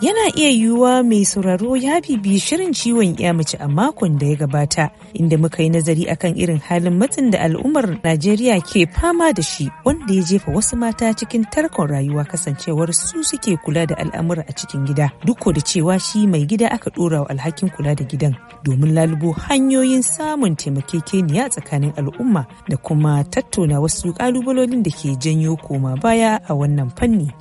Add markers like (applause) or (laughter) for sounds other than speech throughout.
Yana iya yiwuwa mai sauraro ya bibi shirin ciwon ya mace a makon da ya gabata inda muka yi nazari akan irin halin matsin da al'ummar Najeriya ke fama da shi wanda ya jefa wasu mata cikin tarkon rayuwa kasancewar su suke kula da al'amura a cikin gida duk da cewa shi mai gida aka dora wa alhakin kula da gidan domin lalubo hanyoyin samun taimakekeniya tsakanin al'umma da kuma tattauna wasu kalubalolin da ke janyo koma baya a wannan fanni.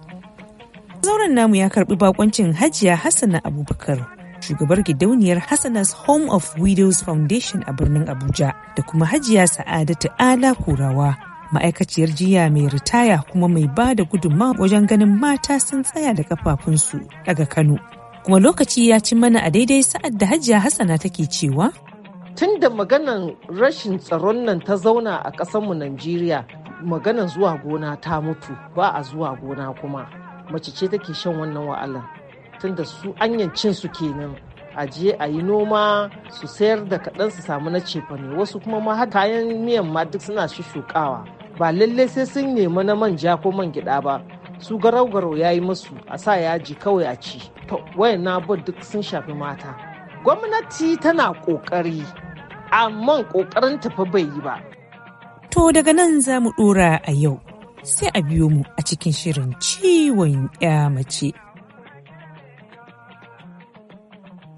Shirin namu ya karbi bakoncin Hajiya Hassana Abubakar, shugabar gidauniyar Hassana's Home of Widows Foundation a birnin Abuja da kuma Hajiya Sa'adatu Ala Kurawa, ma'aikaciyar jiya mai ritaya kuma mai ba da gudunmawa wajen ganin mata sun tsaya da kafafunsu daga Kano. Kuma lokaci ya ci mana a daidai sa'ad da Hajiya Hassana take cewa. Tun da maganan rashin tsaron nan ta zauna a ƙasarmu Najeriya, maganan zuwa gona ta mutu ba a zuwa gona kuma. mace ce take shan wannan wa'alan tunda su anyan cin su kenan Ajiye je a yi noma su sayar da kaɗan su samu na cefane wasu kuma ma kayan miyan ma duk suna shushukawa ba lalle sai sun nemi na manja ko man gida ba su garau garau ya yi musu a sa yaji kawai a ci to wayan na duk sun shafi mata gwamnati tana ƙoƙari amma ƙoƙarin tafi bai yi ba to daga nan za mu ɗora a yau sai a biyo mu a cikin shirin ciwon ya mace.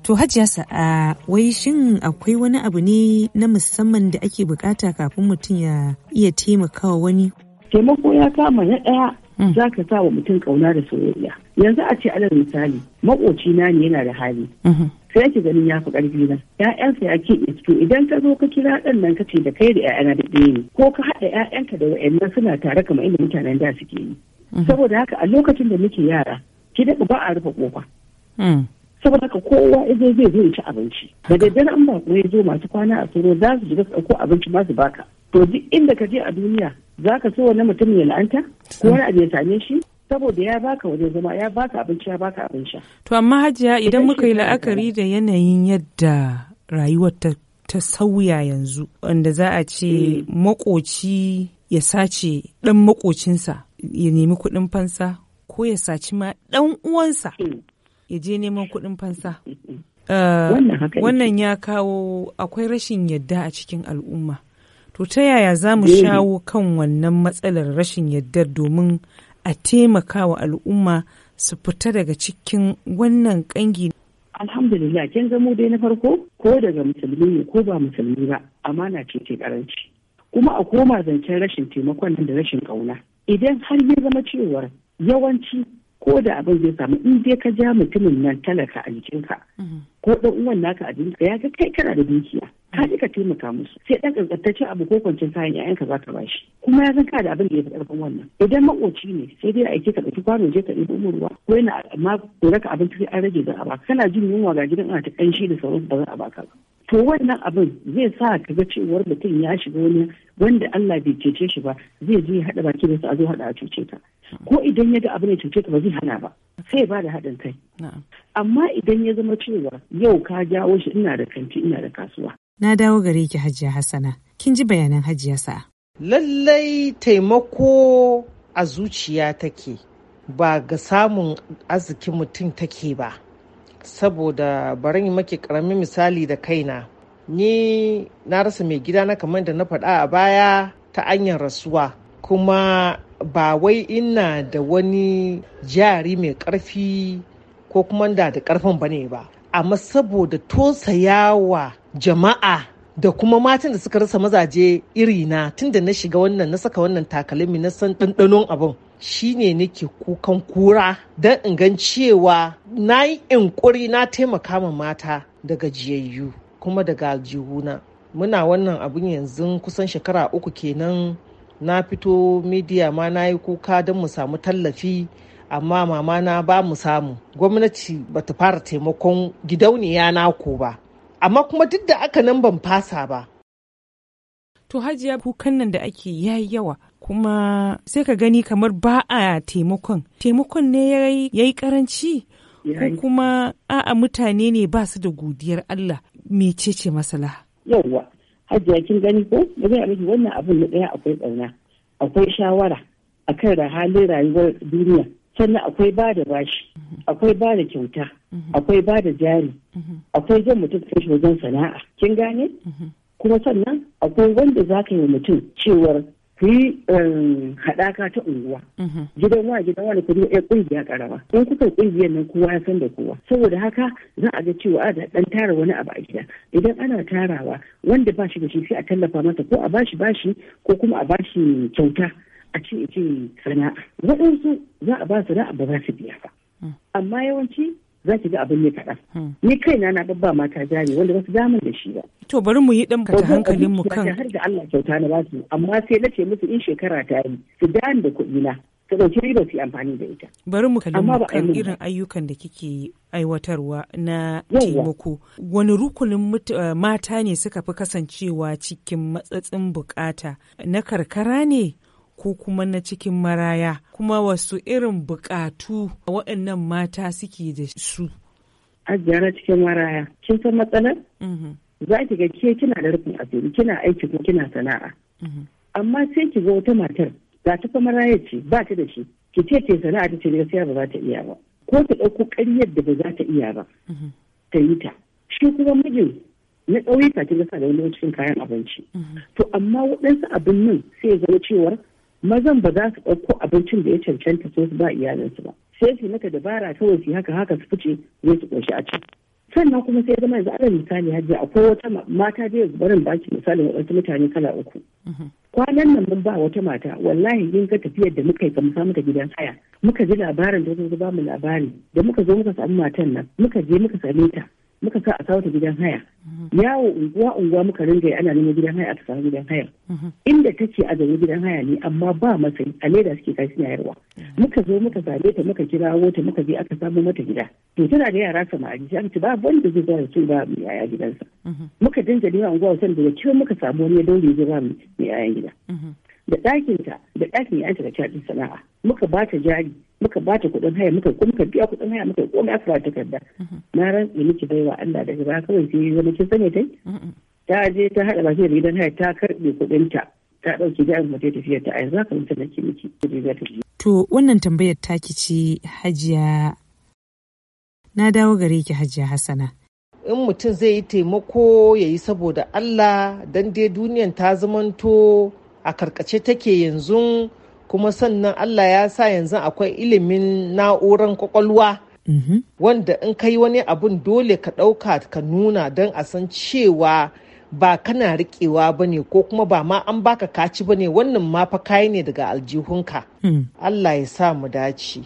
To hajiya sa'a wai shin akwai wani abu ne na musamman da ake bukata kafin mutum ya iya taimakawa wani? Taimako ya kama na ɗaya hmm. za ka sa wa mutum kauna da soyayya. Yanzu a ce alal misali maƙocina ne yana da hali. Mm-hmm. sai ki ganin ya fi ƙarfi na ƴaƴansa ya ke to idan ka zo ka kira ɗan nan ka ce da kai da ƴaƴana da ɗaya ne ko ka haɗa ƴaƴanka da wa'annan suna tare kamar inda mutanen da suke yi mhm. saboda haka a lokacin da muke yara ki daɗa ba a rufe ƙofa hmm. saboda haka kowa ya zai zai zo ci abinci da daddare an ba ya zo masu kwana a tsoro za su shiga su ɗauko abinci ma su baka to duk inda ka je a duniya za ka so wani mutum ya la'anta ko hmm. wani abu ya same shi saboda ya baka wajen zama ya baka abinci ya baka abin sha to amma hajiya idan muka yi la'akari da yanayin yadda rayuwar ta sauya yanzu wanda za a ce eh. makoci ya sace dan makocinsa ya nemi kuɗin fansa ko ya saci ma dan uwansa eh. ya je neman kuɗin fansa (laughs) eh. wannan ya kawo akwai rashin yadda a cikin al'umma to ta yaya za mu shawo kan wannan matsalar rashin yadda domin a taimaka wa al'umma su fita daga cikin wannan kangi. Alhamdulillah kin zamo dai na farko ko daga musulmi ne ko ba musulmi ba amana ce ce karanci. Kuma a koma zancen rashin taimakon da rashin kauna. Idan har ya zama cewar yawanci ko da abin zai samu in dai ka ja mutumin nan talaka a jikinka mhm. ko dan uwan naka a jikinka ya ga kai kana da dukiya ka ji ka taimaka musu sai ɗan ƙanƙantaccen abu ko kwancin kayan ka za ka shi. kuma ya san ka da abin da ya fi ƙarfin wannan idan makoci ne sai dai aiki ka ɗauki kwano je ka ɗauki umurwa ko yana amma kore ka abinci sai an rage don a baka kana jin yunwa ga gidan ana ta ƙanshi da sauransu ba za a baka ba to wannan abin zai sa ka ga cewar mutum ya shiga wani wanda Allah bai cece shi ba zai je ya haɗa baki da su a zo haɗa a cece ka ko idan ya ga abin ya cece ka ba zai hana ba sai ba da haɗin kai amma idan ya zama cewa yau ka jawo shi ina da kanti ina da kasuwa Na dawo gare ki Hajiya Hassana. Kin ji bayanan Hajiya Sa'a. Lallai taimako a zuciya take ba ga samun arzikin mutum take ba. Saboda bari yi maki karamin misali da kaina. Ni na rasa mai gida na kamar da na faɗa a baya ta anyan rasuwa. Kuma ba wai ina da wani jari mai ƙarfi ko kuma da da ƙarfin bane ba amma saboda tosayawa jama'a da kuma matan da suka rasa mazaje iri na tunda na shiga wannan na saka wannan takalmi na san ɗanɗanon abin shine nake kukan kura don in gan cewa na yi inkuri na taimaka ma mata da gajiyayyu kuma daga aljihuna muna wannan abin yanzu kusan shekara uku kenan na fito midiya ma na yi kuka don mu samu tallafi amma mama na ba mu samu gwamnati ba ta fara taimakon gidauniya ko ba amma kuma duk da aka nan ban fasa ba to hajiya kukan nan da ake yayi yawa kuma sai ka gani kamar ba a taimakon taimakon ne ya yi karanci ko kuma a'a mutane ne ba su da godiyar Allah mecece masala yawwa hajjiya kin gani ko da zai miki wannan abin na ɗaya akwai tsauna akwai shawara akan da halin rayuwar duniya sannan akwai ba da bashi akwai ba da kyauta mhm. akwai ba da jari mhm. akwai jan mutum kai shi wajen sana'a kin gane mhm. kuma sannan akwai wanda zaka ka yi mutum cewar ku yi um, haɗaka ta unguwa mhm. gidan wa gidan wani kuma ɗaya eh, ƙungiya ƙarama in kuka ƙungiyar nan kowa ya san da kowa saboda haka za a ga cewa a ɗan tara wani abu a gida idan ana tarawa wanda ba shi da shi sai a tallafa masa ko a bashi bashi ko kuma a bashi kyauta a ce ce sana'a waɗansu za a ba ra'a ba za su biya ba mm. amma yawanci za ki ga abin ne kaɗan. Hmm. Ni kaina na babba mata jari wanda wasu damun da shi ba. To bari mu yi ɗan ka hankalin mu kan. Har da Allah kyauta na basu amma sai na ce musu in shekara ta yi su dani da kuɗi na. Ka ɗauki riba su amfani da ita. Bari mu kalli mu kan irin ayyukan da kike aiwatarwa na taimako. Wani rukunin eh, mata ne suka fi kasancewa cikin matsatsin bukata na karkara ne ko kuma na cikin maraya kuma wasu irin bukatu waɗannan mata suke da su. Ajiya na cikin maraya, kin san matsalar? Mhm. Za ki ga ke kina da rufin asiri, kina aiki ko kina sana'a. Mhm. Amma sai ki ga wata matar, Za ta fa maraya ce, ba ta da shi, ki ce ce sana'a ta ce gaskiya ba za ta iya ba. Ko ta ɗauko ƙaryar da ba za ta iya ba, mhm. ta yi ta. Shi kuma mijin na ƙauyuka ki ga sa da wani cikin kayan abinci. To amma waɗansu abin nan sai ya zama cewar mazan ba za su ɗauko abincin da ya cancanta so su ba iyalinsu ba sai su maka dabara kawai su haka haka su fice zai su ƙunshi a ci sannan kuma sai zama yanzu alal misali hajji akwai wata mata da barin baki misalin waɗansu mutane kala uku mhm. kwanan nan mun ba wata mata wallahi yin ga tafiyar da muka yi ka musa muka gidan haya muka ji labarin da ba mu labari da muka zo muka samu matan nan muka je muka same ta muka sa a kawo ta gidan haya yawo unguwa unguwa muka ringa ana neman gidan haya ta samu gidan haya inda take a zaune gidan haya ne amma ba masai a leda suke kai suna yarwa muka zo muka same ta muka kirawo wata muka je aka samu mata gida to tana da yara samari sai aka ba wanda zai zara su ba mu yaya gidansa muka dinga neman unguwa wasan daga cikin muka samu wani ya daure zai ba mu yayan gida mhm. da ɗakinta da ɗakin ya ta da sana'a muka ba ta jari muka ba ta kuɗin haya muka kuma biya kuɗin haya muka komai aka ba takarda na muke miki baiwa Allah da ba kawai sai zama kin sani tai ta je ta haɗa baki da gidan haya ta karɓe kuɗin ta ta ɗauki da mu ta tafiya ta a yanzu haka mutum nake miki riga ta to wannan tambayar ta ki ce hajiya na dawo gare ki hajiya hasana. in mutum zai yi taimako ya yi saboda Allah dan dai duniyan ta zamanto a karkace take yanzu kuma sannan Allah ya sa yanzu akwai ilimin na'uran kwakwalwa mhm. wanda in kai wani abun dole ka ɗauka ka nuna don a san cewa ba kana riƙewa ba ne ko kuma ba ma an baka kaci ba ne wannan ma kayi ne daga aljihunka hmm. Allah ya sa mu dace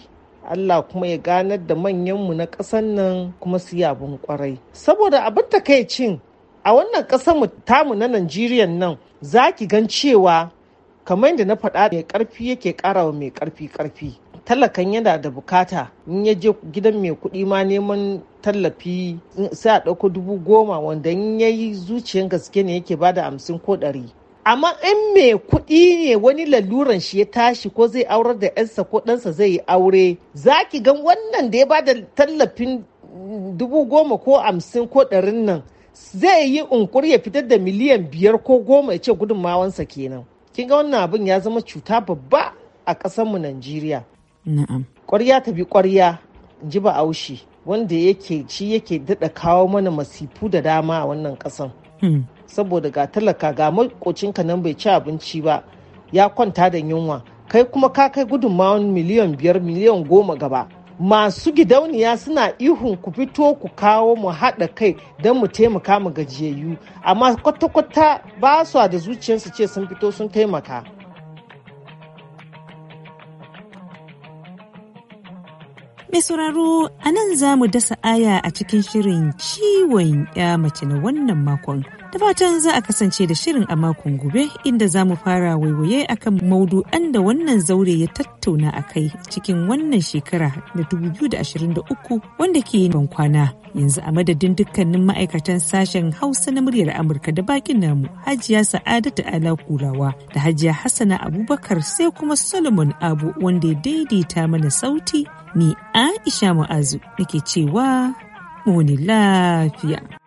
Allah kuma ya ganar da manyanmu na ƙasan nan kuma su yi abin kwarai saboda abin ta cin a wannan ƙasar mu tamu na Najeriya nan za ki gan cewa kamar yadda na faɗa mai ƙarfi yake ƙara wa mai ƙarfi ƙarfi talakan yana da bukata in ya je gidan mai kuɗi ma neman tallafi sai a ɗauko dubu goma wanda in ya yi zuciyan gaske ne yake ba da hamsin ko ɗari amma in mai kuɗi ne wani laluran shi ya tashi ko zai aurar da yansa ko ɗansa zai yi aure za ki gan wannan da ya ba da tallafin dubu goma ko hamsin ko ɗarin nan zai yi unkur ya fitar da miliyan biyar ko goma ya ce gudunmawansa kenan kin ga wannan abin ya zama cuta babba a ƙasarmu Najeriya. Na'am. Ƙwarya ta bi ƙwarya ji ba aushi wanda yake ci yake daɗa kawo mana masifu da dama a wannan ƙasan. Hmm. Saboda ga talaka ga makocinka nan bai ci abinci ba ya kwanta da yunwa kai kuma ka kai gudunmawan miliyan biyar miliyan goma gaba. masu gidauniya suna ihun ku fito ku kawo mu haɗa kai don mu taimaka mu gajiyayyu amma kwata-kwata ba su da zuciyarsu ce sun fito sun taimaka Mai sauraro a nan za mu dasa aya a cikin shirin ciwon ya mace na wannan makon Da fatan za a kasance da shirin a makon gobe inda za mu fara waiwaye akan maudu'an da wannan zaure ya tattauna a kai cikin wannan shekara da 2023 wanda ke ban kwana. Yanzu a madadin dukkanin ma'aikatan sashen Hausa na muryar Amurka da bakin namu Hajiya Sa'adatu Ala kulawa da Hajiya Hassana Abubakar sai kuma Solomon Abu wanda ya daidaita mana sauti ni Aisha Mu'azu nake cewa mu lafiya.